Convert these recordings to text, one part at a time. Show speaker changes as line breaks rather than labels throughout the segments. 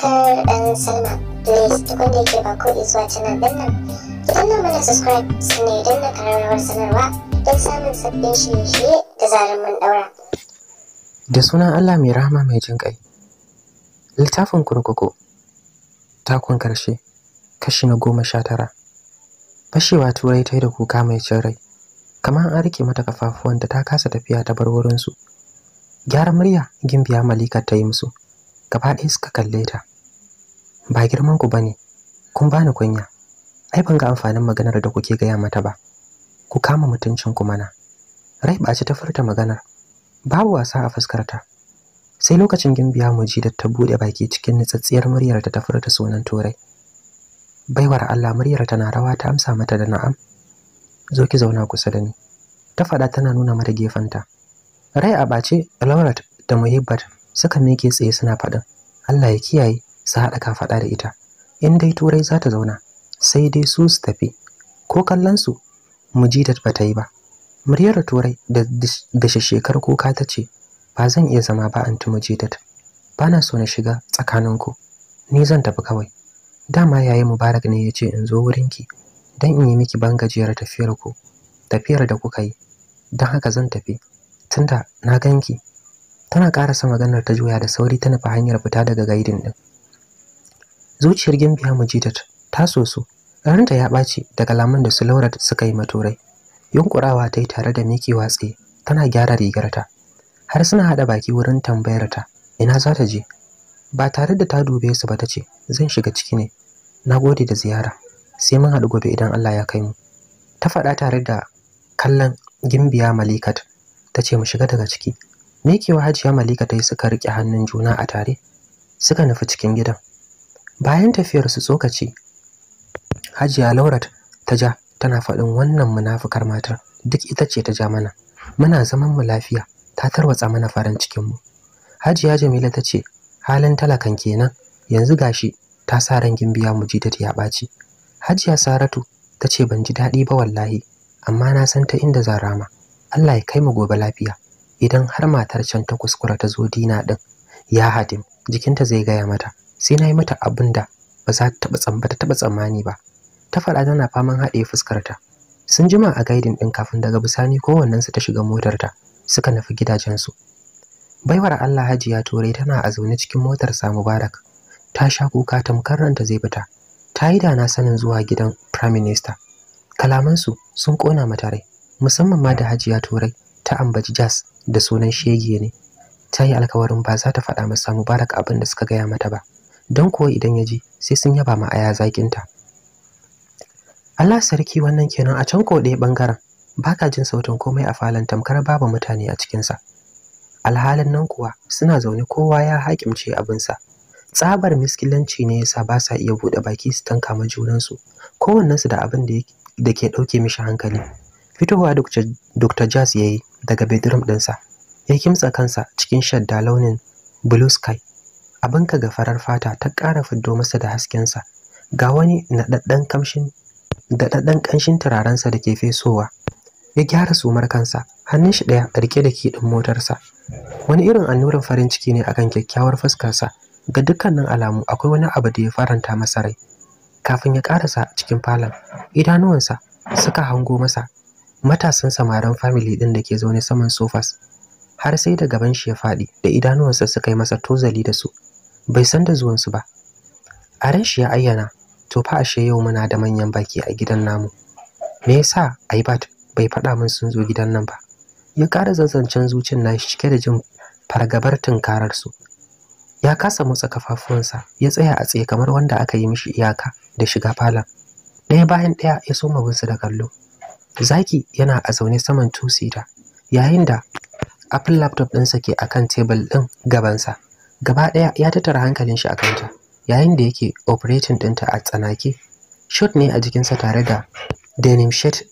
subscribe and sign up. Please da subscribe sanarwa don samun sabbin da sunan Allah mai rahama mai jin ƙai. Littafin kurkuku. Takon karshe. Kashi na goma sha tara. Fashewa turai ta yi da kuka mai cin rai. Kamar an rike mata kafafuwan da ta kasa tafiya ta bar wurinsu. Gyara murya gimbiya malika ta yi musu. gaba ɗaya suka kalle ta ba girman ku bane kun bani kunya ai ban ga amfanin maganar da kuke gaya mata ba ku kama mutuncin ku mana rai ba ci ta furta maganar babu wasa a fuskarta sai lokacin gimbiya muji da ta bude baki cikin nitsatsiyar muryar ta ta furta sunan turai baiwar Allah muryar tana rawa ta amsa mata da na'am zo ki zauna kusa da ni ta faɗa tana nuna mata ta rai a bace, laurat da muhibbat suka tsaye suna faɗin allah ya kiyaye su haɗa faɗa da ita in dai turai za ta zauna sai dai su su tafi ko kallon su mujidat ba ta yi ba muryar turai da dashashekar kuka ta ce ba zan iya zama ba anti mujidat ba na so na shiga tsakaninku ni zan tafi kawai dama yayi mubarak ne ya ce in zo wurinki don in yi miki ban gajiyar tafiyar ku tafiyar da kuka yi don haka zan tafi tunda na ganki tana ƙarasa maganar ta juya da sauri ta nufi hanyar fita daga gaidin din zuciyar gimbiya mu mujidat ta soso ranta ya ɓaci daga lamun da su laura suka yi maturai yunkurawa ta yi tare da miki watsi tana gyara rigarta har suna haɗa baki wurin tambayar ta ina za ta je ba tare da ta dube su ba ta ce zan shiga ciki ne na gode da ziyara sai mun haɗu gobe idan Allah ya kai mu ta faɗa tare da kallon gimbiya malikat ta ce mu shiga daga ciki Miki wa hajiya malika ta suka rike hannun juna a tare suka nufi cikin gidan bayan tafiyar su tsokaci hajiya laurat ta ja tana faɗin wannan munafukar matar duk ita ce ta ja mana muna zaman mu lafiya ta tarwatsa mana farin cikin mu hajiya jamila ta ce halin talakan kenan yanzu gashi ta sa rangin biya mu ta ya ɓaci hajiya saratu ta ce ban ji daɗi ba wallahi amma na san ta inda zan rama Allah ya kai mu gobe lafiya idan har matar can ta kuskura ta zo dina ɗin, ya hadim jikinta zai gaya mata sai na yi mata abin da ba za ta taɓa tsammani ba ta faɗa tana faman haɗe fuskarta sun jima a gaidin ɗin kafin daga bisani kowannensu ta shiga motarta suka nufi gidajensu baiwar allah hajiya turai tana a zaune cikin motarsa mubarak ta sha kuka tamkar ranta zai fita ta yi dana sanin zuwa gidan prime minister kalamansu sun kona mata rai musamman ma da hajiya turai ta ambaci jaz da sunan shege ne ta yi alkawarin ba za ta faɗa masa mubarak abin da suka gaya mata ba don kuwa idan ya ji sai sun yaba ma aya zaƙinta Allah sarki wannan kenan a can ko ɗaya ɓangaren baka jin sautin komai a falon tamkar babu mutane a cikinsa alhalin nan kuwa suna zaune kowa ya haƙimce abinsa tsabar miskilanci ne yasa ba sa iya buɗe baki su tanka ma junansu kowannensu da abin da ke ɗauke mishi hankali fitowa dr jazz ya yi daga bedroom ɗinsa ya kimtsa kansa cikin shadda launin blue sky abinka ga farar fata ta ƙara fiddo masa da haskensa ga wani naɗaɗɗen kamshin daɗaɗɗen ƙanshin turarensa da ke fesowa ya gyara sumar kansa hannun shi ɗaya ɗarke da kiɗin motarsa wani irin annurin farin ciki ne akan kyakkyawar fuskarsa ga dukkanin alamu akwai wani abu da ya faranta masa rai kafin ya ƙarasa cikin falon idanuwansa suka hango masa matasan samaran famili ɗin da ke zaune saman sofas har sai da gaban shi ya faɗi da idanuwansa suka yi masa tozali da su bai san da zuwansu ba a ran shi ya ayyana to fa ashe yau muna da manyan baki a gidan namu me yasa aibat bai faɗa min sun zo gidan nan ba ya ƙara zazzancen zuciyar nashi cike da jin fargabar tunkarar su ya kasa motsa kafafuwansa ya tsaya a tsaye kamar wanda aka yi mishi iyaka da shiga falon ɗaya bayan ɗaya ya so bin da kallo zaki yana a zaune saman tusita yayin da apple laptop ɗinsa ke akan tebul ɗin gabansa gaba ɗaya ya tattara hankalin shi a kanta yayin da yake operating ɗinta a tsanake shot ne a jikinsa tare da denim shirt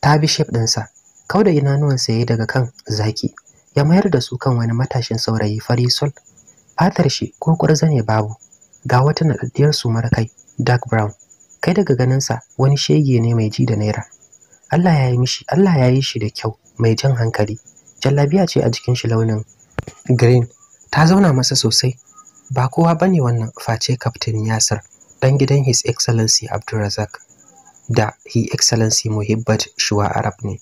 tabi shape ɗinsa kau da inanuwansa ya daga kan zaki ya mayar da su kan wani matashin saurayi fari sol fatar shi ko zane babu ga wata naɗaɗɗiyar sumar kai dark brown kai daga ganin sa wani shege ne mai ji da naira Allah ya yi mishi Allah ya yi shi da kyau mai jan hankali jallabiya ce a jikin shi launin green ta zauna masa sosai ba kowa bane wannan face kaftin yasir dan gidan his excellency abdulrazak da His excellency muhibbat shuwa arab ne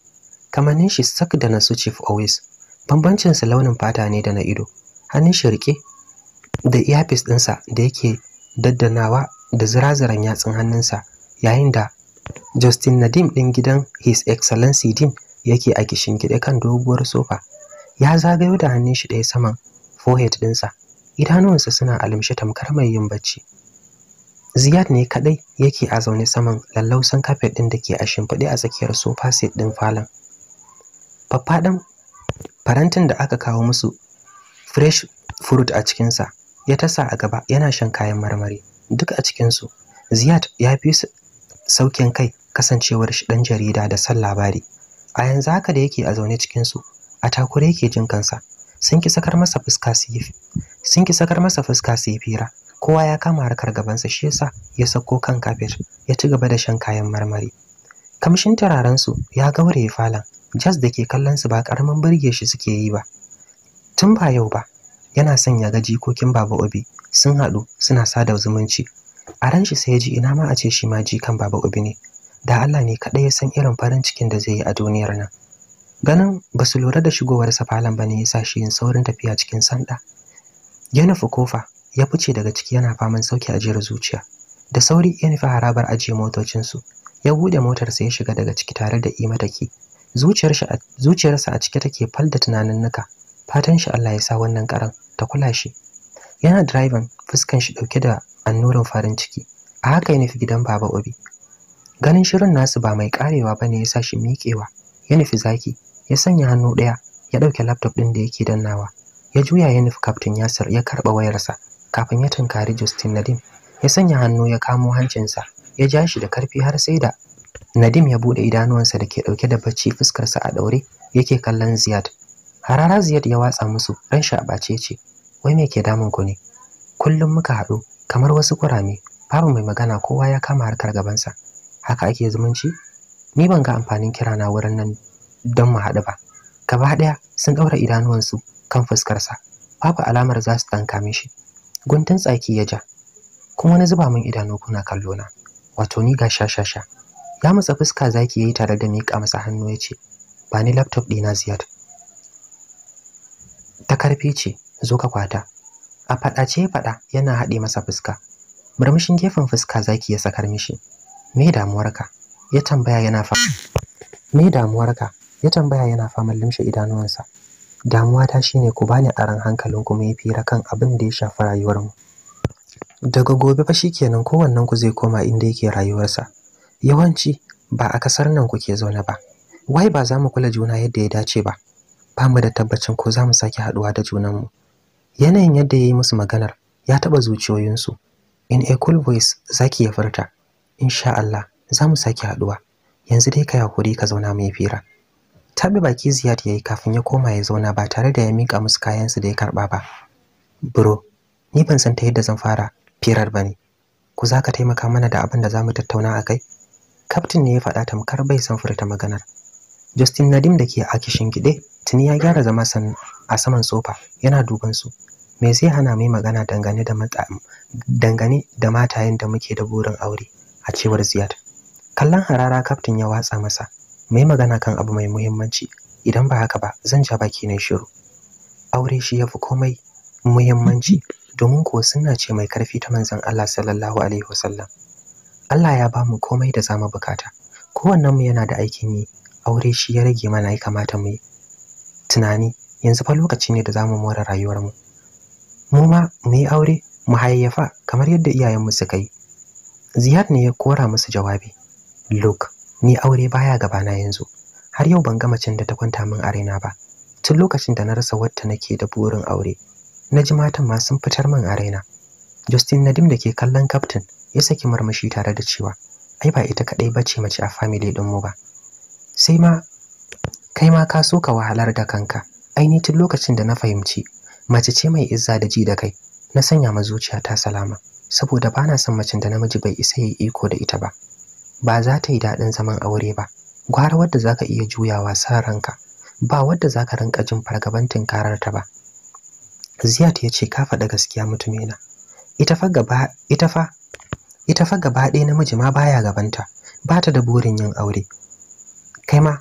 kamannin shi sak da na su chief always bambancin sa launin fata ne da na ido hannun shi rike da earpiece ɗinsa da yake daddanawa da ziraziran yatsun hannunsa yayin da Justin Nadim ɗin gidan His Excellency din yake a kishin gida kan doguwar sofa. Ya zagayo da hannun shi ɗaya saman forehead ɗinsa idanuwansa suna alimshe tamkar mai yin bacci Ziyad ne kadai yake a zaune saman lallausan kafet ɗin da ke a shimfiɗe a tsakiyar sofa set ɗin falon faffaɗan farantin da aka kawo musu fresh fruit a cikinsa ya tasa a gaba yana shan kayan marmari duk a cikinsu Ziyad ya fi saukin kai kasancewar shi ɗan jarida da san labari a yanzu haka da yake a zaune cikinsu a takure yake jin kansa sun ki sakar masa fuska su yi sun ki sakar masa fuska su yi fira kowa ya kama harkar gabansa shi yasa ya sako kan kafir ya ci gaba da shan kayan marmari kamshin turaren su ya gaure falon jaz da ke kallon su ba karamin burge shi suke yi ba tun ba yau ba yana son ya ga jikokin baba obi sun haɗu suna sada zumunci a ran shi sai ya ji ina ma a ce shi ma jikan baba obi ne da Allah ne kaɗai ya san irin farin cikin da zai yi a duniyar nan ganin ba su lura da shigowar falon ba ne ya sa shi yin saurin tafiya cikin sanda ya nufi kofa ya fice daga ciki yana faman sauki ajiyar zuciya da sauri ya nufi harabar ajiye motocinsu ya buɗe motarsa ya shiga daga ciki tare da imataki zuciyarsa a cike take fal da tunanin nuka fatan shi Allah ya sa wannan karan ta kula shi yana driving fuskan shi dauke da annurin farin ciki a haka ya gidan baba obi ganin shirin nasu ba mai karewa bane ya sa shi miƙewa ya nufi zaki ya sanya hannu ɗaya ya ɗauke laptop ɗin da yake dannawa ya juya ya nufi kaftin yasir ya karɓa wayarsa kafin ya tunkari justin nadim ya sanya hannu ya kamo hancin sa ya ja shi da karfi har sai da nadim ya buɗe idanuwansa da ke dauke da bacci fuskarsa a ɗaure yake kallon ziyad harara ziyad ya watsa musu ran shi a bace ce wai me ke damun ku ne kullum muka haɗu kamar wasu kurame babu mai magana kowa ya kama harkar gabansa haka ake zumunci ni ban ga amfanin kirana wurin nan don mu haɗu ba gaba ɗaya sun ɗaura idanuwansu kan fuskarsa babu alamar za su tanka mishi guntun tsaki ya ja kuma wani zuba min idanu kuna kallo na wato ni ga shashasha ya matsa fuska zaki yayi tare da miƙa masa hannu ya ce ba ni laptop ɗina ziyad ta karfi ce zo ka kwata a faɗace faɗa yana haɗe masa fuska murmushin gefen fuska zaki ya sakar mishi me damuwarka ya tambaya yana fa me damuwarka ya tambaya yana faman limshe idanuwansa damuwa ta shine ku bani aran hankalin kuma ya fira kan abin da ya shafi mu daga gobe fa shikenan kowannen ku zai koma inda yake rayuwarsa yawanci ba a kasar nan kuke zauna ba wai ba za mu kula juna yadda ya dace ba ba mu da tabbacin ko za mu sake haduwa da junan mu yanayin yadda ya yi musu maganar ya taba zuciyoyinsu in a cool voice zaki ya furta insha Allah za mu sake haduwa yanzu dai ka hakuri ka zauna mai fira tabi baki Ziyad yi kafin ya koma ya zauna ba tare da ya mika musu kayan su da ya karɓa ba bro ni ban san ta yadda zan fara firar ba ne. ku za ka taimaka mana da abin da zamu tattauna akai captain ne ya faɗa tamkar bai san furta maganar Justin Nadim da ke Akishin gide tuni ya gyara zama san a saman sofa yana duban su me zai hana mai magana dangane da dangane da matayen da muke da burin aure a cewar Ziyad kallon harara captain ya watsa masa mai magana kan abu mai muhimmanci idan ba haka ba zan ja baki na shiru aure shi ya fi komai muhimmanci domin kuwa suna ce mai karfi ta manzan Allah sallallahu alaihi wasallam Allah ya bamu komai da zamu bukata kowannen mu yana da aikin yi aure shi ya rage mana ya kamata mu yi tunani yanzu fa lokaci ne da zamu more rayuwar mu mu ma mu yi aure mu hayayyafa kamar yadda iyayen mu suka yi Ziyad ne ya kora musu jawabi Luke ni aure baya gabana yanzu har yau ban gama cin da ta kwanta min a raina ba tun lokacin da na rasa wata nake da burin aure na ji matan ma sun fitar min a raina Justin Nadim da ke kallon captain ya saki marmashi tare da cewa ai ba ita kadai bace mace a family din mu ba sai ma kai ma ka so ka wahalar da kanka ai ni tun lokacin da na fahimci mace ce mai izza da ji da kai na sanya ma zuciyata salama saboda bana son macen da namiji bai isa yi iko da ita ba ba za ta yi daɗin zaman aure ba gwara wadda za ka iya juyawa sa ranka ba wadda za ka rinka jin fargaban tunkarar ta ba ziyat ya ce ka faɗa gaskiya mutumina ita fa gaba ita fa ita fa gaba ɗaya namiji ma baya gabanta ba ta da burin yin aure kai ma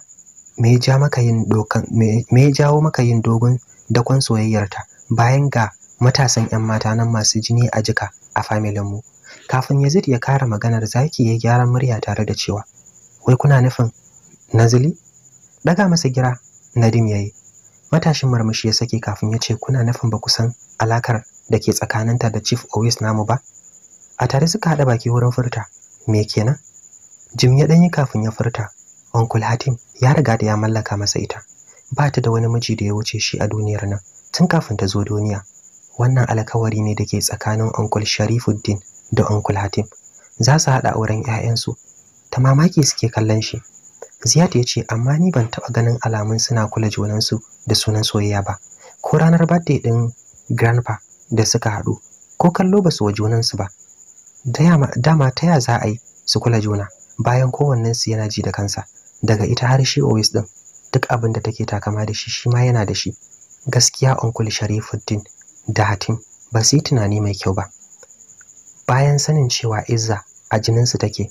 me ya ja maka yin dokan me ya jawo maka yin dogon dakon soyayyarta bayan ga matasan 'yan mata nan masu jini a jika a familin mu kafin yazid ya kara maganar zaki ya gyara murya tare da cewa wai kuna nufin nazili daga masa gira nadim yayi matashin marmashi ya sake kafin ya ce kuna nufin ba kusan alakar da ke tsakaninta da chief always namu ba a tare suka haɗa baki wurin furta me kenan jim ya ɗanyi kafin ya furta uncle hatim ya riga da ya mallaka masa ita ba ta da wani miji da ya wuce shi a duniyar nan tun kafin ta zo duniya wannan alkawari ne da ke tsakanin uncle sharifuddin da Uncle Hatim za su haɗa auren 'ya'yansu ta mamaki suke kallon shi Ziyad ya ce amma ni ban taɓa ganin alamun suna kula junansu da sunan soyayya ba ko ranar birthday ɗin grandpa da suka haɗu ko kallo ba su wa junansu ba dama ta ya za a yi su kula juna bayan kowannen su yana ji da kansa daga ita har shi always ɗin duk abin da take takama da shi shi ma yana da shi gaskiya uncle sharifuddin da hatim ba su yi tunani mai kyau ba bayan sanin cewa Izza a jininsu take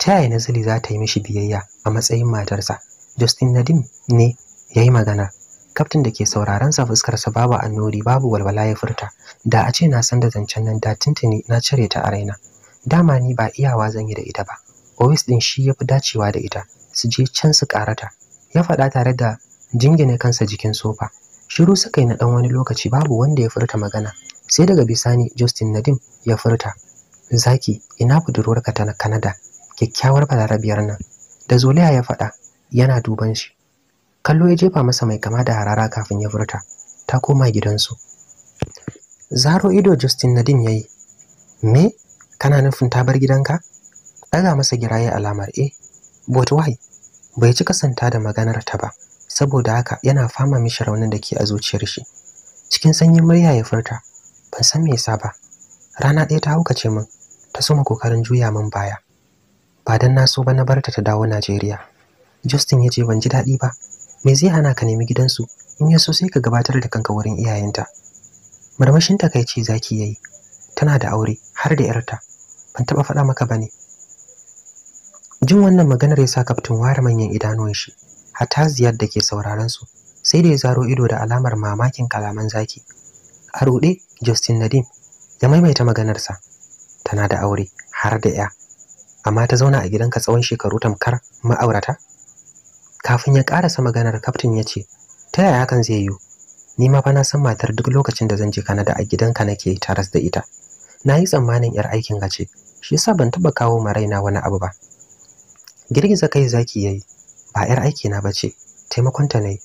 ta yaya Nazili za ta yi mishi biyayya a matsayin matarsa Justin Nadim ne ya yi magana kaftin da ke sauraron sa fuskarsa babu annori babu walwala ya furta da a ce na san da zancen nan da tuntuni na cire ta a raina dama ni ba iyawa zan yi da ita ba Owis din shi ya fi dacewa da ita su je can su karata ya faɗa tare da jingine kansa jikin sofa shiru suka yi na ɗan wani lokaci babu wanda ya furta magana sai daga bisani Justin Nadim ya furta zaki ina budurwarka ta kanada kyakkyawar balarabiyar nan da zoliya ya faɗa yana duban shi kallo ya jefa masa mai kama da harara kafin ya furta ta koma gidansu zaro ido justin nadin ya yi me kana nufin ta bar gidanka Daga masa giraye alamar e but why bai cika santa da maganar ta ba saboda haka yana fama mishi raunin da ke a zuciyar shi cikin sanyin murya ya furta ban san me yasa ba rana ɗaya ta haukace min ta soma kokarin juya min baya ba dan na so ba na barta ta dawo Najeriya Justin ya ce ban ji daɗi ba me zai hana ka nemi gidansu in ya so sai ka gabatar da kanka wurin iyayenta marmashin takaici zaki yayi tana da aure har da yarta ban taɓa faɗa maka ba ne. jin wannan maganar ya sa kaftin ware manyan idanuwan shi hatta ziyar da ke sauraron su sai da ya zaro ido da alamar mamakin kalaman zaki a ruɗe Justin Nadim ya maimaita maganarsa tana da aure har da ya amma ta zauna a gidanka tsawon shekaru tamkar ma'aurata kafin ya karasa maganar kaftin ya ce ta yaya kan zai yiwu ni ma fa na san matar duk lokacin da zan je Kanada a gidanka nake taras da ita na yi tsammanin yar aikin ce, shi yasa ban taba kawo ma raina wani abu ba girgiza kai zaki yayi ba yar aikina ba ce, taimakonta ta ne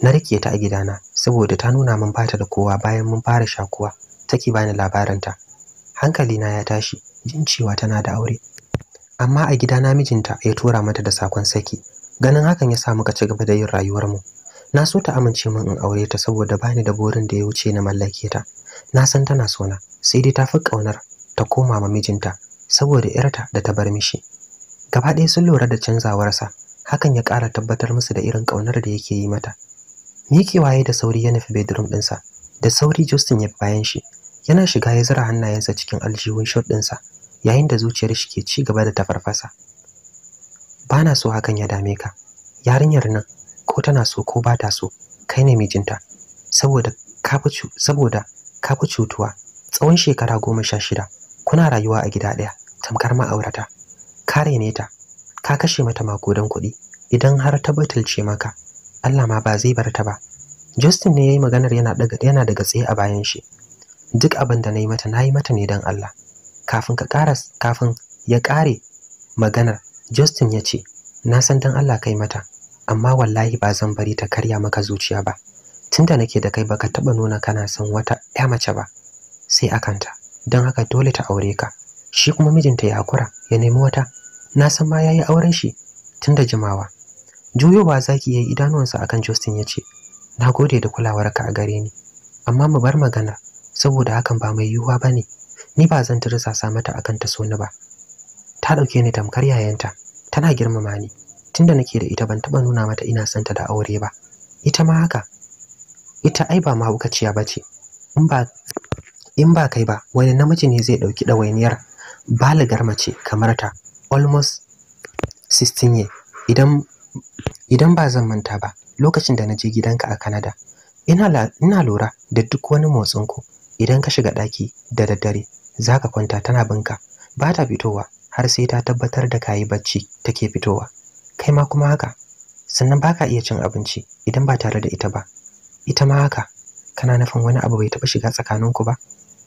na rike ta a gidana saboda ta nuna min bata da kowa bayan mun fara shakuwa take bani labarinta hankalina ya tashi jin cewa tana da aure amma a gida na mijinta ya tura mata da sakon saki ganin hakan ya sa muka ci gaba da yin rayuwarmu na so ta amince min in aure ta saboda bani da burin da ya wuce na mallake ta na san tana sona sai dai ta fi ƙaunar ta koma ma mijinta saboda ‘yarta da ta bar mishi gaba ɗaya sun lura da canzawarsa hakan ya ƙara tabbatar musu da irin ƙaunar da yake yi mata miƙewa waye da sauri ya nufi bedroom ɗinsa da sauri Justin ya bayan shi yana shiga ya zura hannayensa cikin aljihun shot ɗinsa yayin da zuciyar shi ke ci gaba da tafarfasa ba na so hakan ya dame ka yarinyar nan ko tana so ko ba ta so kai ne mijinta saboda ka fi cutuwa tsawon shekara goma sha shida kuna rayuwa a gida ɗaya tamkar ma'aurata kare ne ta ka kashe mata makudan kuɗi idan har ta ce maka Allah ma ba zai bar ta ba Justin ne ya yi maganar yana daga tsaye a bayan shi duk abin da na yi mata na yi mata ne don Allah kafin ka karas kafin ya kare maganar Justin ya ce na san don Allah kai mata amma wallahi ba zan bari ta karya maka zuciya ba tunda nake da kai baka taba nuna kana son wata ya mace ba sai akanta don haka dole ta aure ka shi kuma mijinta ya kura, ya nemi wata na san ma yayi auren shi tunda jimawa juyowa zaki yayi idanuwansa akan Justin ya ce Na gode da kulawarka a gare ni amma mu bar maganar saboda hakan ba mai yiwuwa ba ne ni ba zan tirsasa mata akan ta so ni ba ta ɗauke ni tamkar yayanta tana girmama ni tunda nake da ita ban taba nuna mata ina son ta da aure ba ita ma haka ita ai ba mahaukaciya ba ce in ba in ba kai ba wani namiji ne zai ɗauki ɗawainiyar baligar mace kamar ta almost 16 ye idan idan ba zan manta ba lokacin da na je gidanka a Canada ina ina lura da duk wani motsin motsinku idan ka shiga ɗaki da daddare za ka kwanta tana binka ba ta fitowa har sai ta tabbatar da kayi bacci take fitowa kai ma kuma haka sannan ba ka iya cin abinci idan ba tare da ita ba ita ma haka kana nufin wani abu bai taɓa shiga tsakaninku ba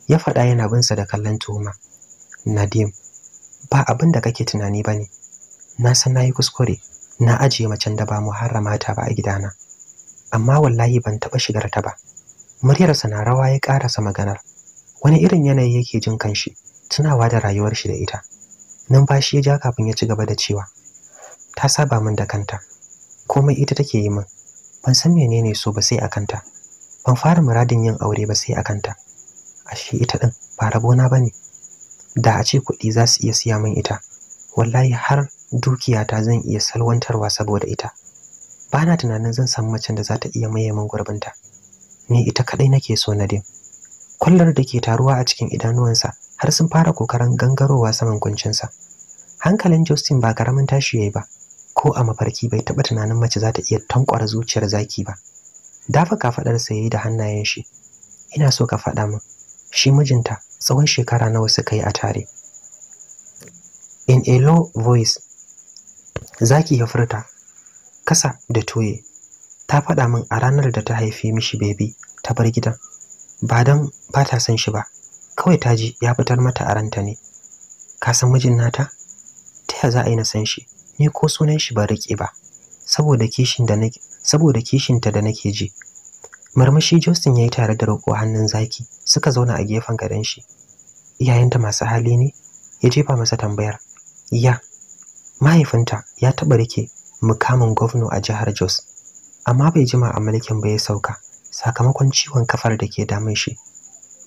ya faɗa yana binsa da kallon tuhuma nadim ba abin da kake tunani ba ne na san na yi kuskure na ajiye macen da ba muharrama ta ba a gidana amma wallahi ban taɓa shigar ta ba muryarsa na rawa ya karasa maganar wani irin yanayi yake jin kanshi tunawa da rayuwar shi da ita numfashi ya ja kafin ya ci gaba da cewa ta saba min da kanta komai ita take yi min ban san menene so ba sai a kanta ban fara muradin yin aure ba sai a kanta ashe ita din ba rabona bane da a ce kuɗi za su iya siya min ita wallahi har dukiyata zan iya salwantarwa saboda ita bana tunanin zan samu macen da za ta iya maye min gurbinta ni ita kadai nake so na din kwallar da ke taruwa a cikin idanuwansa har sun fara kokarin gangarowa saman kuncinsa hankalin Justin ba karamin tashi yayi ba ko a mafarki bai taɓa tunanin mace za ta iya tankwara zuciyar zaki ba dafa sa yayi da hannayen shi ina so ka faɗa min shi mijinta tsawon shekara nawa suka yi a tare in a low voice zaki ya furta kasa da toye ta faɗa min a ranar da ta haife mishi bebi ta bar gidan ba don ba ta son shi ba kawai ta ji ya fitar mata a ranta ne ka san mijin nata ta ya za a yi na san shi ni ko sunan shi ba riƙe ba saboda kishin da nake saboda kishinta da nake ji marmashi Justin ya yi tare da roƙo hannun zaki suka zauna a gefen gadon shi iyayenta masu hali ne ya jefa masa tambayar ya mahaifinta ya taɓa rike mukamin gwamna a jihar Jos amma bai jima a mulkin ba ya sauka sakamakon ciwon kafar da ke damun shi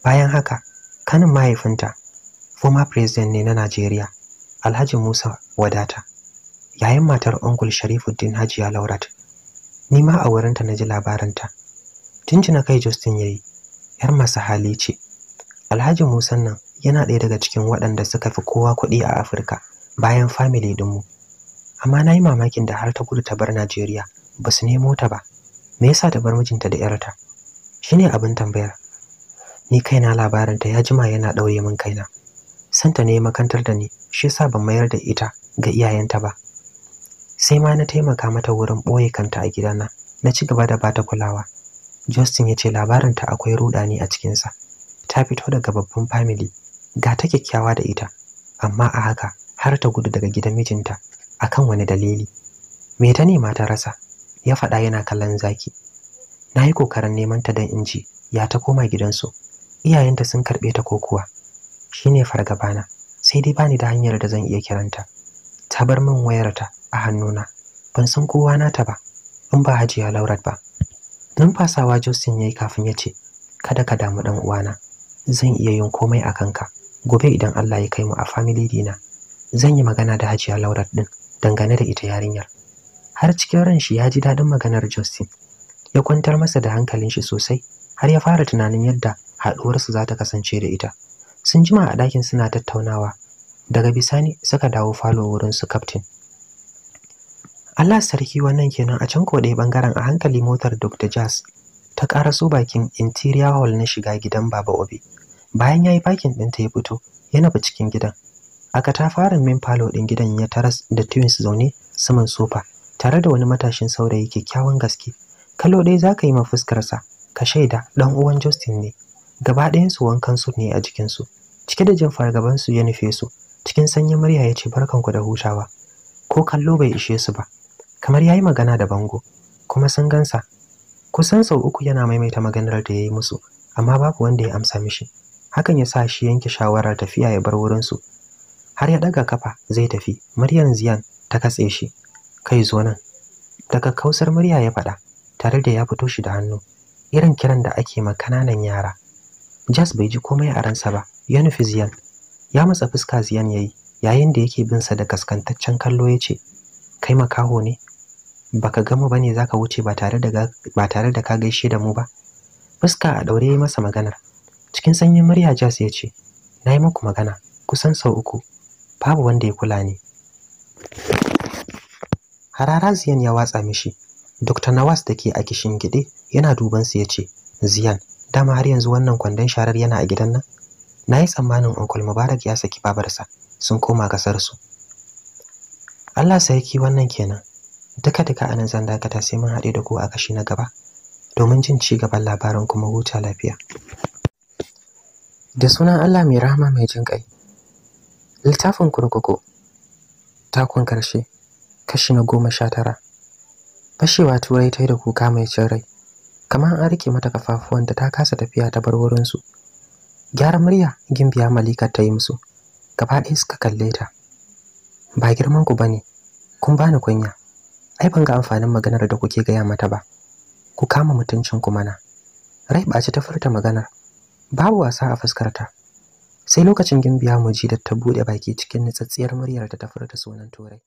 bayan haka kanin mahaifinta former president ne na Najeriya Alhaji Musa Wadata yayin matar Uncle Sharifuddin Hajiya Laurat ni ma a wurinta na ji labarinta jina kai Justin yayi yar masu hali ce Alhaji Musa nan yana ɗaya daga cikin waɗanda suka fi kowa kuɗi a Afirka bayan family dinmu amma na yi mamakin da har ta gudu ta bar Najeriya ba su nemo ta ba me yasa ta bar mijinta da yarta shine abin tambayar ni kaina labarinta ya jima yana ɗauye min kaina santa ne makantar da ni shi yasa ban mayar da ita ga iyayenta ba sai ma na taimaka mata wurin ɓoye kanta a gidana na ci gaba da bata kulawa Justin ya ce labarin ta akwai rudani a cikinsa ta fito daga babban family ga ta kyakkyawa da ita amma a haka har ta gudu daga gidan mijinta akan wani dalili me ta nema ta rasa ya faɗa yana kallon zaki na yi kokarin neman ta don inji ya ta koma gidansu iyayenta sun karɓe ta ko kuwa shine fargabana sai dai bani da hanyar da zan iya kiranta ta bar min wayarta a hannuna ban san kowa na ta ba in ba hajiya laurat ba numfasawa justin ya yi kafin ya ce kada ka damu dan uwana zan iya yin komai a kanka gobe idan allah ya kai mu a family dina zan yi magana da hajiya laurat din dangane da ita yarinyar har cikin ran shi ya ji daɗin maganar Justin. Ya kwantar masa da hankalin shi sosai, har ya fara tunanin yadda haɗuwarsu za ta kasance da ita. Sun jima a dakin suna tattaunawa, daga bisani suka dawo falo wurin su captain. Allah sarki wannan kenan a can ko dai ɓangaren a hankali motar Dr. Jazz ta karaso bakin interior hall na shiga gidan Baba Obi. Bayan ya yi din ta ya fito, ya nufi cikin gidan. A katafaren min falo ɗin gidan ya taras da twins zaune saman sofa tare da wani matashin saurayi kyakkyawan gaske kallo dai zaka yi ma fuskarsa ka shaida ɗan uwan justin ne gaba ɗayansu wankan su ne a jikin su cike da jin su ya nufe su cikin sanyin murya ya ce barkanku da hutawa ko kallo bai ishe su ba kamar yayi magana da bango kuma sun gansa kusan sau uku yana maimaita maganar da ya yi musu amma babu wanda ya amsa mishi hakan ya sa shi yanke shawarar tafiya ya bar wurinsu har ya ɗaga kafa zai tafi maryam ziyan ta katse shi kai zo nan daga kausar murya ya faɗa tare da ya fito shi da hannu irin kiran da ake ma kananan yara jas bai ji komai a ransa ba ya nufi ziyan ya matsa fuska ziyan yayi yayin da yake bin sa da kaskantaccen kallo ya ce kai makaho ne baka ga mu bane zaka wuce ba tare da ba tare da ka gaishe da mu ba fuska a daure ya masa maganar cikin sanyin murya jas ya ce na yi muku magana kusan sau uku babu wanda ya kula ni harara ziyan ya watsa mishi dr nawas da ke a kishin gide yana duban su ya ce ziyan dama har yanzu wannan kwandon sharar yana a gidan nan na yi tsammanin onkul mubarak ya saki babarsa sun koma kasar su allah sarki wannan kenan duka duka anan zan dakata sai mun haɗe da ku a kashi na gaba domin jin ci gaban labarin kuma huta lafiya da sunan allah mai rahama mai jin ƙai littafin kurkuku takun ƙarshe kashi na goma sha tara fashewa turai ta yi da kuka mai cin rai kamar an rike mata kafafuwan da ta kasa tafiya ta bar wurinsu gyara murya gimbiya malika ta yi musu gaba ɗaya suka kalle ta ba girman ku ba ne. kun bani kunya ai ban ga amfanin maganar da kuke gaya mata ba ku kama mutuncin ku mana rai ɓaci ta furta maganar babu wasa a fuskarta sai lokacin gimbiya mu ji da ta buɗe baki cikin nutsatsiyar muryar da ta furta sunan turai